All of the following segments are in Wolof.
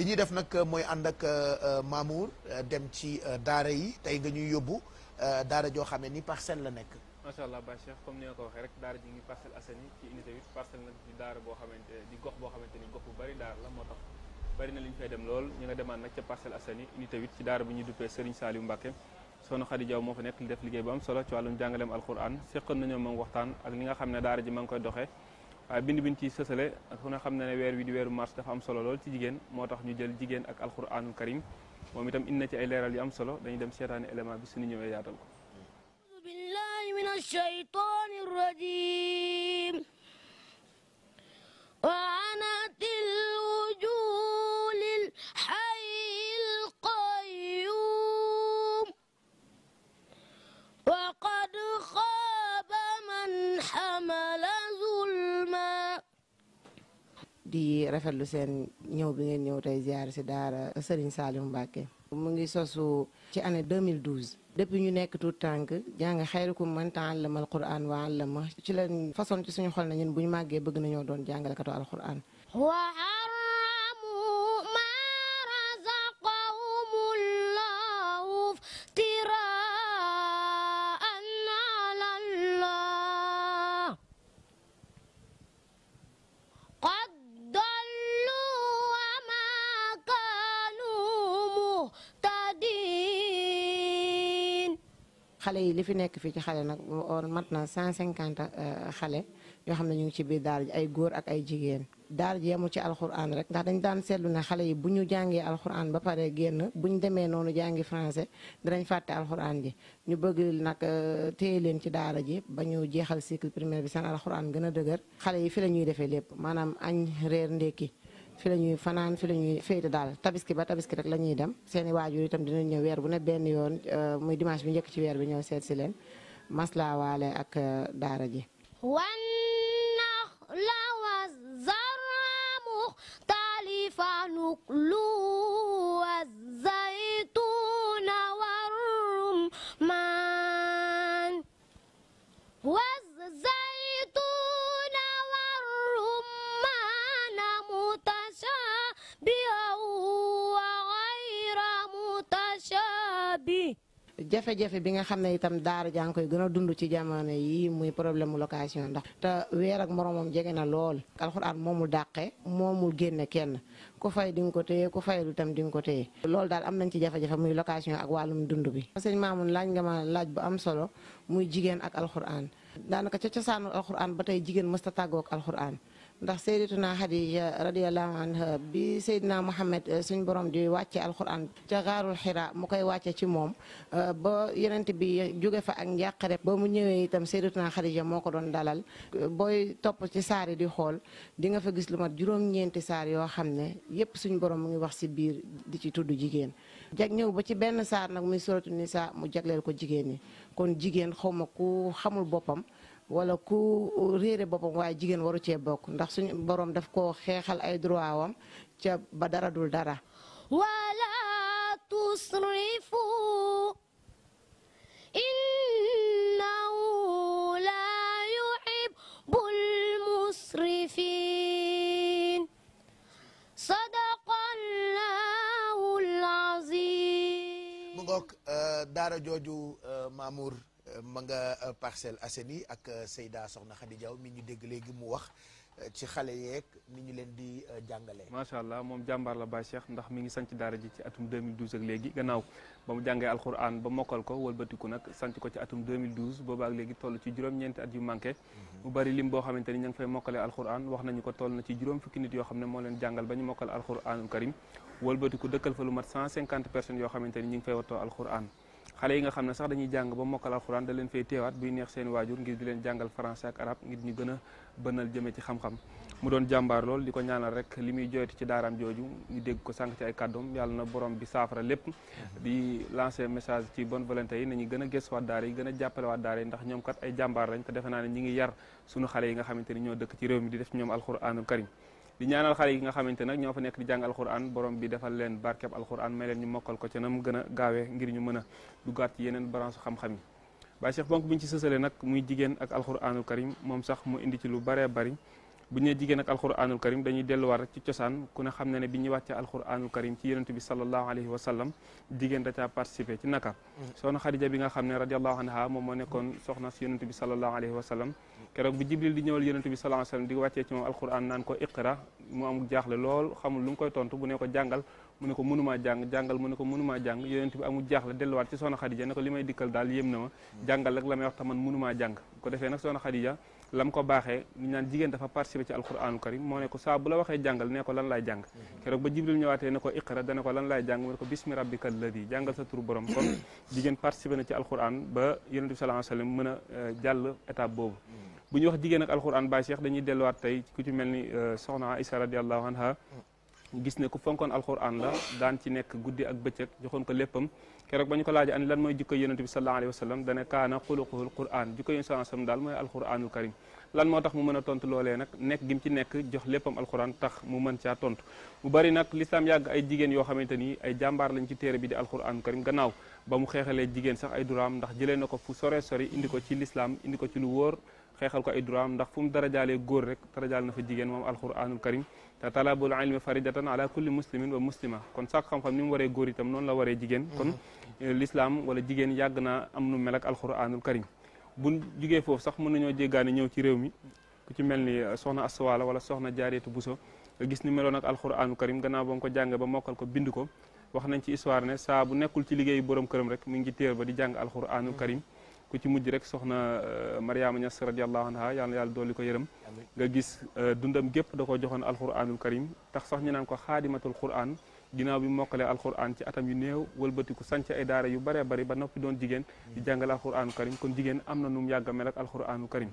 li ñuy def nag mooy ànd ak euh, Mamour euh, dem ci euh, daara yi tey nga ñuy yóbbu daara joo xam ni parcelle la nekk. macha allah Baye Cheikh comme ni nga ko waxee rek daara ji ngi Parcelles Assainies ci unité 8 parcelle nag di daara boo xamante di gox boo xamante ni gox bu bari daara la moo tax bari na li ñu fay dem lool ñu nga demaan nag ca Parcelles Assainies unité 8 ci daara bi ñuy duppee Serigne Saliou Mbacké soxna Khady Diaw moo fa nekk li def liggéey bu am solo ci wàllum nga xam ne daara ji ma ngi koy doxee waaye ah, bind biñ ci sësale ku ne xam na ne weer wi di weeru mars dafa am solo lool ci jigéen moo tax ñu jël jigéen ak alquranul karim moom itam indi na ci ay leeral yu am solo dañuy dem seetaani élément bi suñu ñëwee yaatal ko rafetlu seen ñëw bi ngeen ñëw tey ziar si daara Serigne Saliou Mbacké mu ngi sosu ci année 2012 depuis ñu nekk tout tànk jàng xayrukum la ta'allama al-Qur'an wa 'allama ci leen façon ci suñu xol na ñun bu ñu màggee bëgg nañoo doon jàngalekatu al-Qur'an xale yi li fi nekk fii ci xale nag mat na cent 150 euh, xale yoo xam ne ñu ngi ci biir daara ji ay góor ak ay jigéen daara ji yemul ci alxuraan rek ndax dañ daan seetlu ne xale yi bu ñu jàngee alxuraan ba pare génn bu ñu demee noonu jàngi français dinañ fàtte alxuraan ji ñu bëgg nag euh, téye leen ci daara ji ba ñu jeexal cycle primaire bi seen alxuraan gën a dëgër xale yi fi la ñuy defee lépp maanaam añ reer ndékki fi la ñuy fanaan fi la ñuy féete daal tabaski ba tabaski rek la ñuy dem seeni i waajur itam dinañ ñëw weer bu ne benn yoon euh, muy dimanche bi njëkk ci weer bi ñëw seet si leen maslaa waale ak euh, daara ji wannaxla wa zarra muxtalifan jafe-jafe bi nga xam ne itam daara jàng ngi koy gën a dund ci jamono yii muy problème mu location ndax te weer ak moromam jege na lool alxuraan moomul dàqe moomul génne kenn ku fay di nga ko téye ku fayul itam ko téye loolu daal am nañ ci jafe-jafe muy location ak wàllum dund bi sëñ Maamun laaj nga ma laaj bu am solo muy jigéen ak alxuraan daanaka ca cosaanu alxuraan ba tey jigéen mësta tàggook alxuraan ndax naa Xadiija radiyallahu anha bi sayyidina Muhammad eh, suñ borom di wàcce alquran ca gaarul xiraa mu koy wàcce ci moom eh, ba yonent bi jóge fa ak njàqare ba mu ñëwee itam sayyidatuna Xadiija moo ko doon dalal booy topp ci saari di xool di nga fa gis lu mat juróom-ñeenti saar yoo xam ne yépp suñ borom mu ngi wax si biir di ci tudd jigéen jag ñëw ba ci benn saar nag muy suratu nisa mu jagleel ko jigéen ñi kon jigéen xaw ma ku xamul boppam wala ku réere boppam waaye jigéen waru cee bokk ndax suñu boroom daf ko xeexal ay droit wam ca ba dara dul dara wala tusrifu innahu la yuhibbul musrifin sadaqallahul azim mu ngoog euh, jooju euh, Mamour ma nga euh, Parcelles Assainies ak euh, Seyda Soxna Khady mi ñu dégg léegi mu wax euh, ci xale yeeg ni ñu leen di jàngalee. macha allah moom jàmbaar la Baye ndax mi ngi sanc daara ji ci atum ak léegi gannaaw ba mu jàngee alxuraan ba mokkal ko wëlbatiku nag sanc ko ci atum 2012 ak léegi toll ci juróom-ñeenti at yu manqué. Mhm. mu bari lim boo xamante ni ngi fay mokkalee alxuraan wax nañu ko toll na ci juróom fukki nit yoo xam ne moo leen jàngal ba ñu mokkal alxuraanul xale yi nga xam ne sax dañuy jàng ba mokkal alxuraan da leen fay teewaat buy neex seen waajur ngir di leen jàngal français ak arab ngir ñu gën a bënal jëme ci xam-xam mu doon jàmbaar lool di ko ñaanal rek li muy joytu ci daaraam jooju ñu dégg ko sànq ci ay kàddoom yàlla na borom bi saafara lépp di lancer message ci bonne volonté yi nañu gën a gëstuwaat daara yi gën a jàppalewaat yi ndax ñoom kat ay jàmbaar lañ te defe naa ne ñi ngi yar suñu xale yi nga xamante ni ñoo dëkk ci réew mi di def ñoom alxuraanul karim di ñaanal xale yi nga xamante nag ñoo fa nekk di jàng alxuraan borom bi defal leen barkeb alxuraan may leen ñu mokkal ko ca na mu gën a gaawee ngir ñu mën a duggaat ci yeneen branche xam-xam yi Baye Cheikh bonk bi ñu ci sësale nag muy jigéen ak alxuraanul karim moom sax mu indi ci lu baree bari bu ñu jigéen ak alquranul karim dañuy delluwaat rek ci cosaan ku ne xam ne ne bi ñuy wàccee alquranul karim ci yonent bi sallallahu alayhi wa sallam jigéen da caa participé ci naka mm. soxna xadija bi nga xam ne radiallahu anha moom moo nekkoon soxna si yonent bi sallallahu alayhi wa sallam keroog bi jibril di ñëwal yonent bi sallallahu alayhi wa sallam di wàccee ci moom alquran naan ko iqra mu am jaaxle lool xamul lu mu koy tontu bu ne jàngal mu ne ko mënumaa jàng jàngal mu ne ko mënumaa jàng yonent bi amul jaaxle delluwaat ci soxna xadija ne ko li may dikkal daal yéem na ma mm. jàngal rek la may wax mënumaa jàng ko defee nag soxna xadija lam ko baaxee ñu naan jigéen dafa participé ci alquranu karim moo ne ko saa bu la waxee jàngal ne ko lan laay jàng keroog ba jibril ñëwaatee ne ko iqra dana ko lan laay jàng mu ne ko bismi rabbika alladi jàngal sa tur borom kon jigéen participé na ci alquran ba yonente bi sallallahu wasallam mën a euh, jàll étape boobu bu ñu wax jigéen ak alquran baay cheikh dañuy delluwaat tey ku ci mel ni euh, soxna Aïssa radiallahu anha gis ne ku fonkoon alxuraan la daan ci nekk guddi ak bëccëg joxoon ko léppam keroog ba ñu ko laaja an lan mooy jikko yonent bi sallallahu alayhi wa sallam dane kaana xuluquhul quraan jikko yonent sallallahu alayhi wa sallam daal mooy tax mu mën a tontu loolee nag nekk gi mu ci nekk jox léppam alxuraan tax mu mën caa tontu mu bari nag lislaam yàgg ay jigéen yoo xamante ni ay jàmbaar lañ ci téere bi di alxuraanul karim gannaaw ba mu xeexalee jigéen sax ay duraam ndax jëlee na ko fu sore sori indi ko ci lislaam indi ko ci lu wóor xeexal ko ay droit am ndax fu mu darajaalee góor rek darajaal na fa jigéen moom alquranul karim te talabul ilmi faridatan ala kulli muslimin wa muslima kon sàkk xam-xam ni mu waree góor itam noonu la waree jigéen kon mhm. eh, lislaam wala jigéen yàgg naa am nu mel ak alquranul karim bu jugee foofu sax mën nañoo jéggaani ñëw ci réew mi ku ci mel ni eh, soxna aswala wala soxna jaareetu buso nga gis ni meloon ak alquranul karim gannaaw ba ko jàng ba mokkal ko bind ko wax nañ ci histoire ne saa bu nekkul ci liggéeyu borom këram rek mu ngi téer ba di jàng alquranul mhm. karim ku ci mujj rek soxna euh, Mariama Ñas radiallahu anha yàlla na yàlla dolli ko yërëm nga gis euh, dundam gépp da ko joxoon alquranul karim tax sax ñu naan ko xaadimatul quran ginnaaw bi mokkalee alquran ci atam yu néew wëlbatiku sanc ay yu baree bari ba noppi doon jigéen di jàngale alquranul karim kon jigéen am na nu mu yàgg a mel ak alquranul karim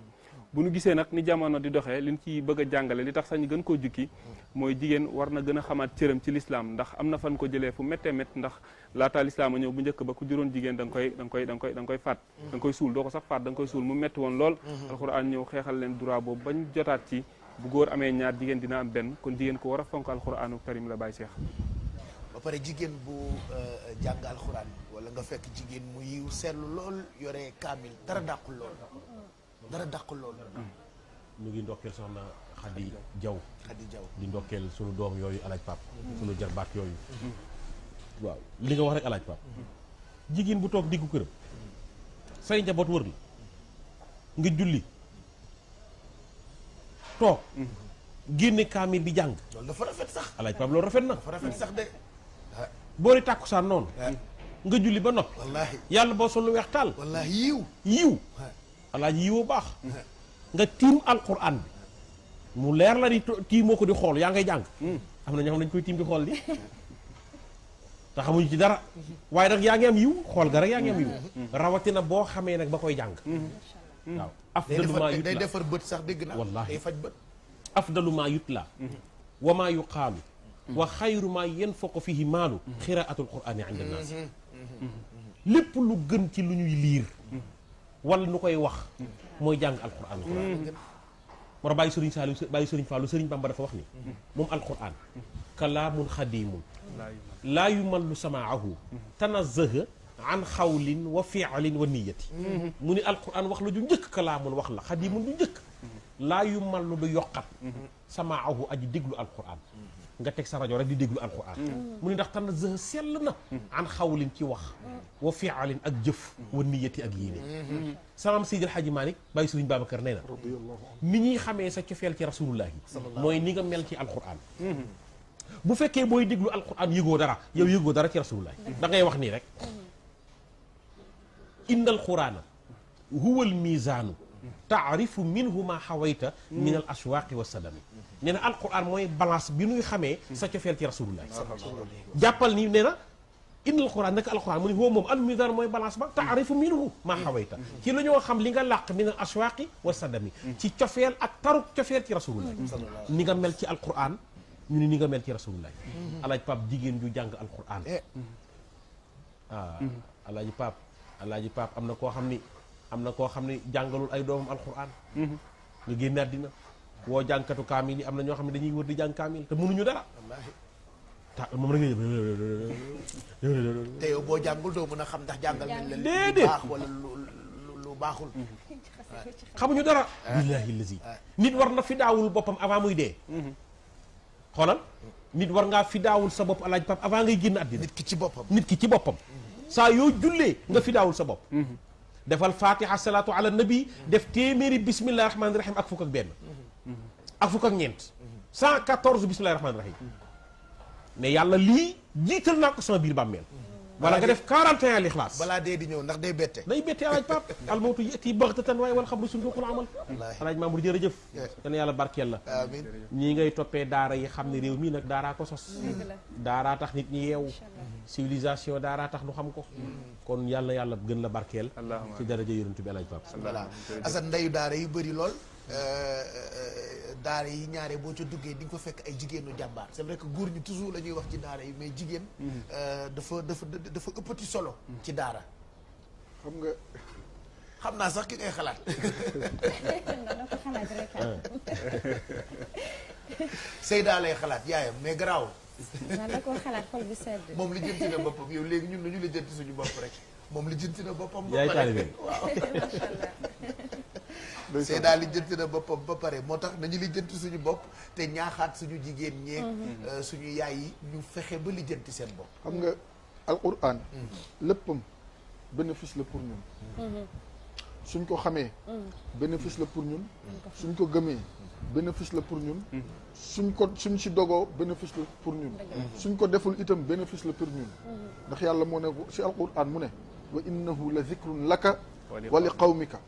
bu nu gisee nag ni jamono di doxee liñ ci bëgg a jàngale li tax sax ñu gën koo jukki mooy jigéen war na gën a xamaat cëram ci lislaam ndax am na fan ko jëlee fu méttee mét ndax laataa lislaam a ñëw bu njëkk ba ku juróon jigéen da nga koy da nga koy faat mm-hmm. da koy suul doo ko sax faat da nga koy suul mu métti woon lool mm-hmm. alxuraan ñëw xeexal leen droit boobu bañ jotaat ci bu góor amee ñaar jigéen dina am benn kon jigéen ko war a fonk alxuraanu karim la bàyyi seex ba pare jigéen bu euh, jàng alxuraan wala nga fekk jigéen mu yiw seetlu lool yore kaamil dara dàqul lool dara dàqul loolu. Mm. ngi ndokkeel soxna Khady jaw Khady di ndokkeel sunu doom yooyu alaaj pap mm-hmm. sunu jarbaat yooyu. Mm-hmm. waaw li nga wax rek alaaj pap mm-hmm. jigéen bu toog diggu këram. say njaboot wër la. nga julli. toog. génne kaamil di jàng. loolu dafa rafet sax. alaaj pap loolu rafet na. dafa rafet sax de. boori tàkkusaan noonu. Eh. nga julli ba noppi. yàlla boo sol lu weex taal. wallaahi yiiw alaaji yiwoo baax nga tiim alquran bi mu leer la ni tiimoo ko di xool yaa ngay jàng hmm. am na ñoo xam dañ koy tiim di xool di te xamuñu ci dara waaye nag yaa ngi am yiw xool ga rek yaa ngi am yiw hmm. rawatina boo xamee nag ba koy jàng hmm. waaw afdalu maa yutla day defar bët sax dégg naa wallaahi day faj bët afdalu maa yutla wa maa yuqaalu wa xayru maa yanfaqu fihi maalu xiraatul quraani inda naas lépp lu gën ci lu ñuy liir wala nu koy wax mooy jàng alquran moo tax bàyyi sëriñ Saalu bàyyi sëriñ Faalu sëriñ Bamba dafa wax ni moom alquran kalaamun xadiimun laa yumallu samaahu tanazaha an xawlin wa fialin wa niyati mu ni alquran wax la ju njëkk kalaamun wax la xadiimun du njëkk laa yumallu du yokkat samaahu aji déglu alquran nga teg sa rajo rek di déglu alquran mm. mu ne ndax tànn zë sell na mm. an xawlin ci wax mm. wa fialin ak jëf wa niyati ak si mm-hmm. salaam Seydil Hadji Malick bàyyi Sëriñ Babacar nee na ni ñuy xamee sa cofeel ci rasulullah yi mooy ni nga mel ci alquran mm-hmm. bu fekkee booy déglu alquran yëgoo dara mm-hmm. yow yëgoo dara ci rasulullah da ngay wax nii rek inna alqurana huwa almizaanu taarifu minhu ma xawayta min al aswaaqi wa sadami nee na alquran mooy balance bi nuy xamee sa cofeel ci rasulullah jàppal ni nee na innal quran naka alquran mu ni huwa moom al mizaan mooy ba taarifu minhu ma xawayta ci la li nga làq min al aswaaqi wa sadami ci cofeel ak taruk cofeel ci rasulullah ni nga mel ci alquran ñu ni ni nga mel ci rasulullah alaaj pap jigéen ju jàng alquran eh. ah alaaji pap alaaji pap am na koo xam ni am na koo xam ne jàngalul ay doomam alxuraan mhm. nga génn àddina woo jànkatu kaamil yi am na ñoo xam ne dañuy wër di jàng kaamil te mënuñu ta moom la ngay boo jàngul doo mën a xam ndax jàngal nañ la déedéet baax wala lu baaxul mhm. xamuñu dara ah. billaahi lazi ah. nit war na fi daawul boppam avant muy dee mhm. xoolal nit war ngaa fi daawul sa bopp alaaj pap avant ngay génn àddina nit ki ci boppam nit ki ci boppam saa yoo jullee nga fi daawul sa bopp defal fatiha salaatu ala nabi def téeméeri bismillahi rahmaani rahim ak fukk ak benn ak fukk ak ñeent 114 bismillahi rahmaani rahim ne yàlla lii jiital naa ko sama biir bàmmeel wala nga def 41 lixlaas balaa dee di ñëw ndax day bette day bette alaaj pap almawtu yëti baxtatan waaye wal xabru suñ ko xul amal alaaj maamur jërëjëf yal na yàlla barkeel la amiin ngay toppee daara yi xam ne réew mii nag daaraa ko sos daaraa tax nit ñi yeewu civilisation daaraa tax nu xam ko kon yàlla yàlla gën la barkeel ci jar yonent bi alaaj pap voilà asan ndeyu daara yi bëri lool Euh, euh, euh, daara yi ñaare boo ca duggee di ko fekk ay jigéenu jàmbaar c'est vrai que góor ñi toujours la ñuy wax ci daara yi mais jigéen mhm. dafa dafa dë dafa ëppati solo mhm. ci daara xam nga xam naa sax ki ngay xalaat Seyda lay xalaat yaayam mais garaawul man da moom li jënti na boppam yow léegi ñun nañu la jënti suñu bopp rek moom li jënti na boppam yaay taalibe waaw Seyda lijjanti na boppam ba pare moo tax nañu lijjanti suñu bopp te ñaaxaat suñu jigéen ñeeg mhm. euh, suñu yaay yi ñu fexe ba lijjanti seen bopp xam nga alquran léppam mhm. mhm. bénéfice la pour ñun suñ ko xamee bénéfice la pour ñun suñ ko gëmee bénéfice la pour ñun suñ ko suñ si dogoo bénéfice la pour ñun suñ ko deful itam bénéfice la pour ñun ndax yàlla moo ne si alquran mu ne wa innahu la zikrun laka wa li qawmika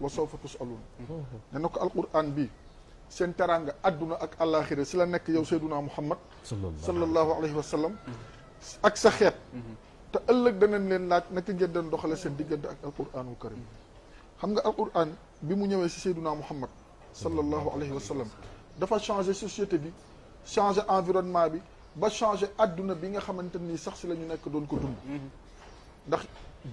wa sawfa tusalun ne na ko alquran bi seen teraanga àdduna ak àllaaxira si la nekk yow sayduna muhammad sallallahu alayhi wa sallam ak sa xeet te ëllëg danañ leen laaj naka ngeen doon doxale seen diggante ak alquranul karim xam nga alquran bi mu ñëwee si sayduna muhammad sallallahu alayhi wa sallam dafa changé société bi changé environnement bi ba changé àdduna bi nga xamante nii sax si la ñu nekk doon ko dund ndax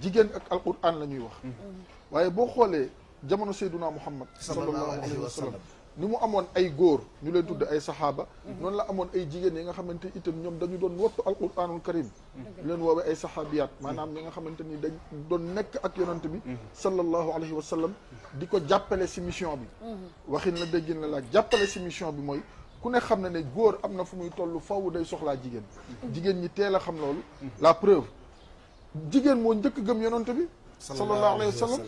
jigéen ak alquran la ñuy wax mm-hmm. waaye boo xoolee jamono sayduna muhammad sallallahu alayhi wa sallam ni mu amoon ay góor ñu leen tudd ay saxaaba noonu la amoon ay jigéen yi nga xamante itam ñoom dañu doon wopp alquranul karim ñu leen woowee ay saxaabiyaat maanaam ñi nga xamante ni dañ doon nekk ak yonant bi mm-hmm. sallallahu alayhi wa sallam di ko jàppale si mission bi mm-hmm. waxin la déggin la laaj jàppale si mission bi mooy ku ne xam na ne góor am na fu muy tollu faw day soxlaa jigéen mm-hmm. jigéen ñi teel a xam loolu la preuve jigéen moo njëkk gëm yonant bi sallallahu alayhi wa sallam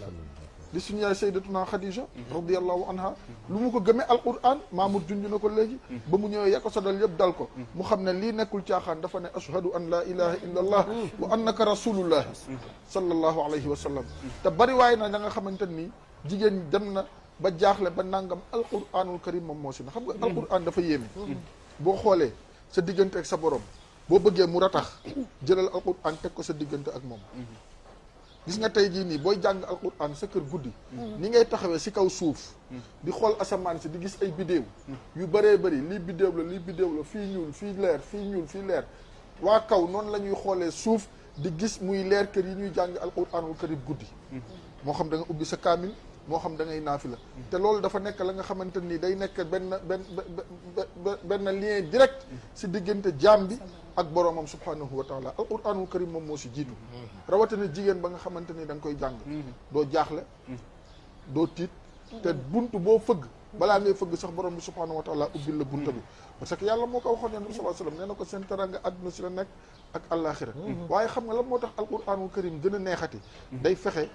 di suñu yaay sayyidatuna Khadija radiallahu anha lu mu ko gëmee alquran Mamour junj na ko léegi ba mu ñëwee ya ko sa dal yëpp dal ko mu xam ne lii nekkul caaxaan dafa ne ashhadu an laa ilaha illa allah wa annaka rasulullah sallallahu alayhi wa sallam te bari waay na da nga xamante nii jigéen dem na ba jaaxle ba nangam alquranul karim moom moo si na xam nga alquran dafa yéeme boo xoolee sa diggante sa borom boo bëggee mu ratax jëlal alquran teg ko sa diggante ak moom gis nga tey jii nii booy jàng alquran sa kër guddi mm-hmm. ni ngay taxawee si kaw suuf mm-hmm. di xool asamaan si di gis ay bidéew mm-hmm. yu bëree bëri lii bidéew la lii bidéew la fii ñuul fii leer fii ñuul fii leer waa kaw noonu la ñuy xoolee suuf di gis muy leer kër yi ñuy jàng alquranul karim guddi moo xam da nga ubbi sa kaamil moo xam da ngay naafi la te loolu dafa nekk la nga xamante nii day nekk benn benn benn lien direct si diggante jaam bi ak boromam subhanahu wa taala alquranul karim moom moo si jiitu mm-hmm. rawatina jigéen ba nga xamante ni da nga koy jàng mm-hmm. doo jaaxle mm-hmm. doo tiit te bunt boo fëgg balaa ngay fëgg sax borom bi subhanahu wa taala ubbil la bunt bi parce que yàlla moo ko waxoon yonent bi sallallahu alayhi wasallam nee na ko seen teranga àdduna si la nekk ak àllaaxira waaye xam nga lan moo tax alquranul karim gën a neexati day fexe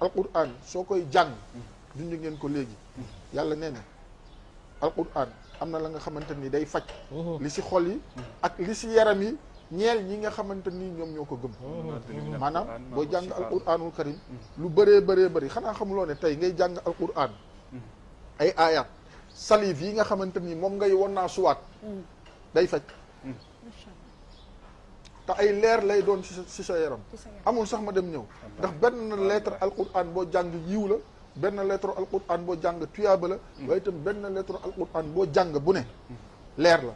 alquran soo koy jàng junj ngeen ko léegi yàlla nee na alquran am na la nga xamante nii day faj mhm. li si xol yi ak li si yaram yi ñeel ñi nga xamante ni ñoom ñoo ko gëm mhm. maanaam boo jàng alquranul karim mhm. lu bëree bëree bëri xanaa xamuloo ne tey ngay jàng al alquran ay aayat salive yi nga xamante ni moom ngay won naa suwaat mm. day faj mm. te ay leer lay doon ci sa sa yaram amul sax ma dem ñëw ndax benn lettre alquran boo jàng yiw la benn lettre alquran boo jàng tuyaaba la mm. itam benn lettre alquran boo jàng bu ne mm. leer la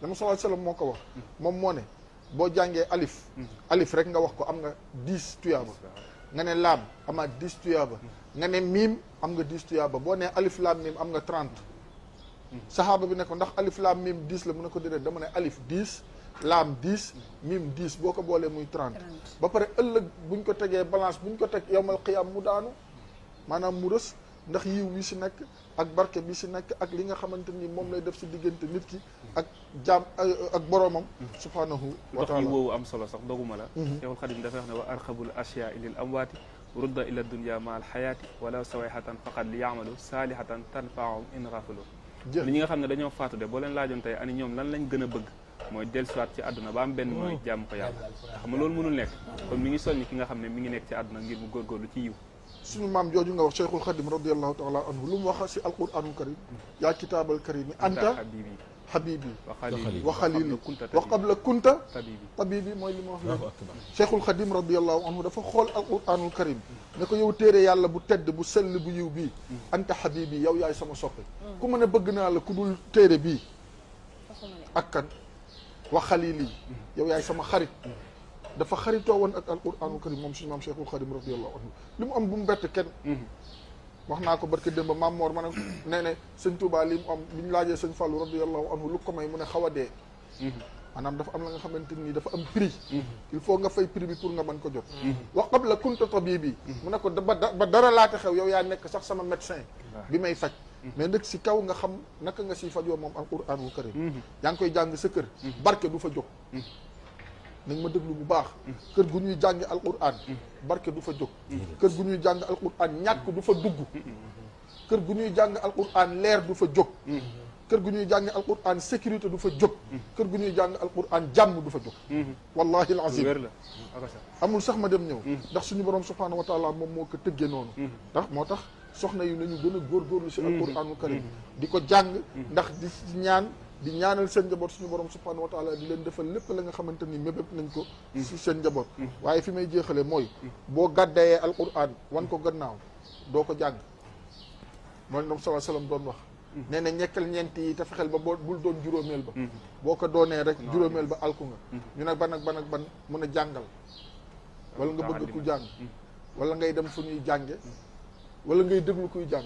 dama sallallahu alayhi moo ko wax mm. moom moo ne boo jàngee alif alif rek nga wax ko am nga dix tuyaaba nga ne laam amaat dix tuyaaba nga ne miim am nga dix tuyaaba boo nee alif laam am nga trente saxaaba bi ne ndax alif laam miim dix la mun ne ko déedéet dama ne alif dix laam dix miim dix boo ko boolee muy trente ba pare ëllëg buñ ko tegee balance buñ ko teg yowmal qiyaam mu daanu maanaam mu rës ndax yiw wi si nekk ak barke bi si ak li nga xamante ni moom lay def si diggante nit ki ak jaam ak boromam mhm. subhaanahu wa taala woowu am solo sax doguma la mhm. Cheikhul Khadim dafay wax ne wa arxabul asiyaa lil amwaati rudda ila dunia ma al xayaati wala sawayxatan faqat li yaamalu saalihatan tanfaahum in rafalo li ñi nga xam ne dañoo faatu de boo leen laajoon tey ani ñoom lan lañ gën a bëgg mooy dellusiwaat ci àdduna ba am benn mooy oh. jàmm ko yàlla xam nga loolu mënul nekk kon mi ngi soññ ki nga xam ne mi ngi nekk ci àdduna ngir mu góorgóorlu ci yiw suñu maam jooju nga wax cheikhul xadim radiallahu taala anhu lu mu wax si alquranul karim yaa kitaabal karim yi anta wax wa xalili wa qabla kunta tabibi mooy li ma wax léegi cheikhul la radiallahu anhu dafa xool alquranul karim ne téere yàlla bu tedd bu sell bu yiw bii anta habibi yow yaay sama soppe ku mën a bëgg naa la ku dul téere bii xalili yow yaay sama xarit dafa xaritoo woon ak alquranul karim moom suñu maam cheikhul xadim radiallahu anhu mu am bu mu bett kenn mhm. wax naa ko barke démb maam moor ma ne nee ne sëñ Touba li mu am lu ñu laajee sëñ Fallou radiallahu anhu lu ko may mu ne xaw a dee mhm. maanaam dafa am la nga xamante nii dafa am prix mhm. il faut nga fay prix bi pour nga mën ko jot wax wa qabla kunta tabibi mu ne ko ba dara laata xew yow yaa nekk sax sama médecin bi may faj mais nag si kaw nga xam naka nga siy fajoo moom alquranul karim yaa ngi koy jàng sa kër barke du fa jóg nag ma déglu bu baax mm. kër gu ñuy jàng al mm. barke du fa jóg mm. kër gu ñuy jàng alquran ñàkk du fa dugg kër gu ñuy jàng al alquran leer du fa jóg kër gu ñuy jàng alquran sécurité du fa jóg kër gu ñuy jàng al alquran jàmm du fa jóg wallahi alazim amul sax ma dem ñëw ndax suñu borom subhanahu wa taala moom moo ko tëggee noonu ndax moo tax soxna yu nañu gën a góorgóorlu si alquranul karim di ko jàng ndax di ñaan di ñaanal seen njaboot suñu borom subhanahu wa taala di leen defal lépp la nga xamante ni mébép nañ ko si seen njaboot mm-hmm. waaye fi may jéexale mooy boo gàddayee alquran wan ko gannaaw doo ko jàng mooy ñoom salaa salaam doon wax mm-hmm. nee na ñekkal ñeent yi te fexeel ba boo bul doon juróomeel ba mm-hmm. boo ko doonee rek juróomeel ba alku nga ñu ne ban ak ban ak ban mun a jàngal wala nga bëgg ku jàng wala ngay dem fu ñuy jànge wala ngay déglu kuy jàng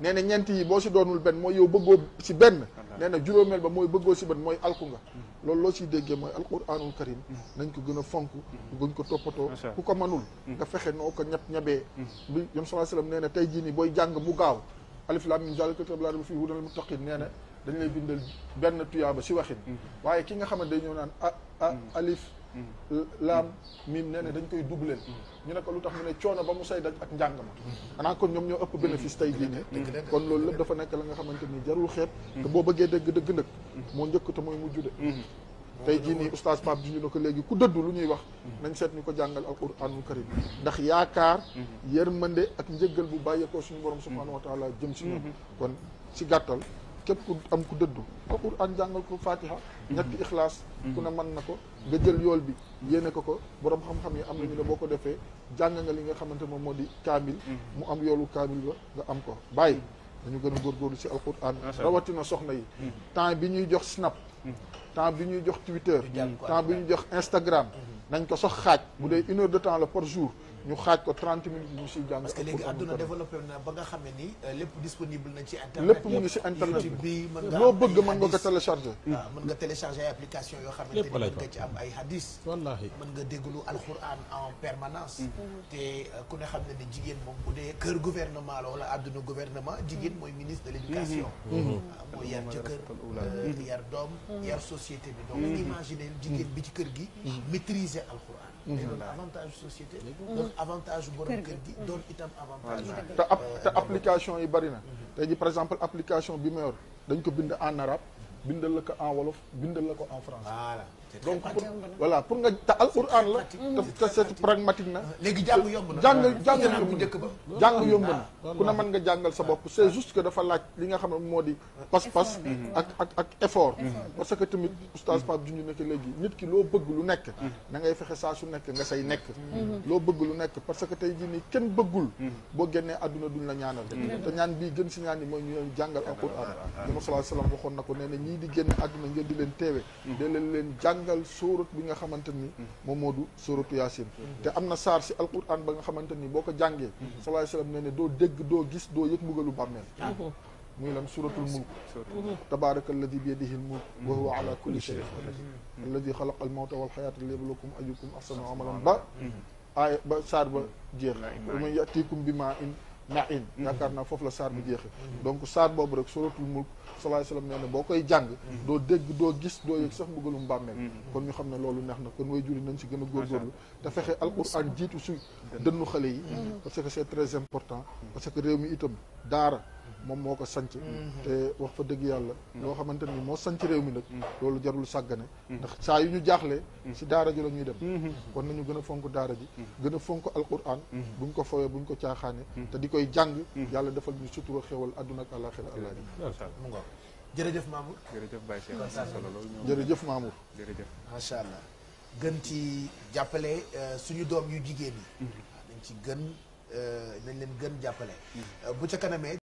nee na ñeent yi boo si doonul benn moo yow bëggoo si benn ah. nee na juróomeel ba mooy bëggoo si ban mooy alku nga loolu loo siy déggee mooy alquranul karim nañ ko gën a fonk gën ko toppatoo ku ko manul nga fexe noo ko ñab ñabee bi yom salaa sallam nee na tey jii nii booy jàng mu gaaw alif lam mim zaalika kitaab laa rayba fiihi hudan lil muttaqiin nee na dañ lay bindal benn tuyaaba si waxin mm-hmm. waaye ki nga xamante day ñëw naan ah ah mm-hmm. alif laam miim nee ne dañ koy doublé ñu ne ko lu tax mu ne coono ba mu say daj ak njàng ma xanaa kon ñoom ñoo ëpp bénéfice tey jii ne kon loolu lépp dafa nekk la nga xamante ni jarul xeet te boo bëggee dégg dëgg nag moo njëkk te mooy mujj de tey jii nii oustaz Pape ji ñu ne ko léegi ku dëddu lu ñuy wax nañ seet ñu ko jàngal al quranul karim ndax yaakaar yërmande ak njëgal bu bàyyeekoo suñu borom subhanahu wa taala jëm si ñoom kon si gàttal képp ku am ku dëddu al quran jàngal ko fatiha ñàkk ixlaas mm-hmm. ku ne mën na ko nga jël yool bi yéene ko ko borom xam-xam yi am nañu ne boo ko defee jàng nga li nga xamante moom moo di kaamil mm-hmm. mu am yoolu kaamil ba nga am ko bàyyi mm-hmm. dañu gën a góorgóorlu ci alquran rawatina soxna yi temps bi ñuy jox snap temps bi ñuy jox twitter temps bi ñuy jox instagram nañ ko sax xaaj bu dee une heure de temps la par jour ñu xaaj ko 30 minutes ñu siy jàng. parce que léegi àdduna développé na ba nga xam ne ni euh, lépp disponible na ci internet. lépp mu ngi si internet bi loo bëgg mën nga ko téléchargé. waaw ah, mën nga téléchargé ay application yoo xamante ni mën nga ci am ay hadis. wallaahi mën nga déglu alxuraan en permanence. Mm-hmm. te euh, ku ne xam ne ni jigéen moom bu dee kër gouvernement la wala àdduna gouvernement jigéen mooy ministre de l' éducation. Mm-hmm. Mm-hmm. Ah, mooy yar jëkkër euh, yar doom yar société bi. donc imaginer jigéen bi ci kër gi. maîtriser alxuraan. loolu avantage société. avantage borom kër gi doon itam avantage te application yi bari na tey par exemple application bi ma yor dañ ko bind en arabe bindal la ko en wolof bindal la ko en français donc voilà pour nga te alquran la te c'est pragmatique na ah, léegi jàng yomb na jàng jàng yomb na njëkk ba jàng yomb na ah, ku ne man nga jàngal sa ah, bopp c'est juste que dafa laaj li nga xam ne moo di pas-pas ak effort parce que tamit oustaz Pape junj na ko léegi nit ki loo bëgg lu nekk da ngay fexe saa su nekk nga say nekk mm-hmm. loo bëgg lu nekk parce que tey jii nii kenn bëggul mm. boo génnee àdduna duñ la ñaanal mm. te ñaan bii gën si ñaan yi mooy ñu leen jàngal alquran dama sallallahu alayhi waxoon na ko nee na ñii di génne àdduna ngeen leen teewe mm. leen leen jàngal bi nga xamante ni mm-hmm. moom moo du sóoratu yaasin mm-hmm. te am na saar si alquran ba nga xamante ni boo ko jàngee salaay mm-hmm. salaam nee doo dégg doo gis doo yëg mbugalu bàmmeel ah. muy lan suratul mulk tabaraka alladi bi yadihi almulk wa huwa ala kulli shay'in qadir alladi xalaqa almawta walxayaata liyabluwakum ayyukum ahsanu amalan ba aaya ba saar ba jeex man yatikum bi maa in na in yaakaar la saar bi jeexee donc saar boobu rek suratul mulk sallallahu alayhi wa sallam boo koy jàng mhm. doo dégg doo gis doo yëg sax mbugalu mbàmmeel mhm. kon ñu xam ne loolu neex na kon way juri nañ si gën a góorgóorlu te fexe alquran jiitu si dënnu xale yi mhm. parce que c'est très important parce que réew mi itam daara moom moo ko sanc mm-hmm. te wax fa dëgg yàlla mm-hmm. loo xamante ni moo sanc réew mi nag mm-hmm. loolu jarul sàggane ndax saa yu ñu jaaxlee si daara ji la ñuy dem kon nañu gën a fonk daara ji gën a fonk alquran buñ ko foyee buñ ko caaxaane te di koy jàng yàlla defal ñu sutura xewal adduna ak àlaxira àllaaji mu nga jërëjëf Mamour jërëjëf Baye Cheikh solo loolu jërëjëf Mamour jërëjëf macha allah gën ci jàppale euh, suñu doom yu jigéen yi dañ ci gën euh, nañ leen gën jàppale euh, bu ca kanamee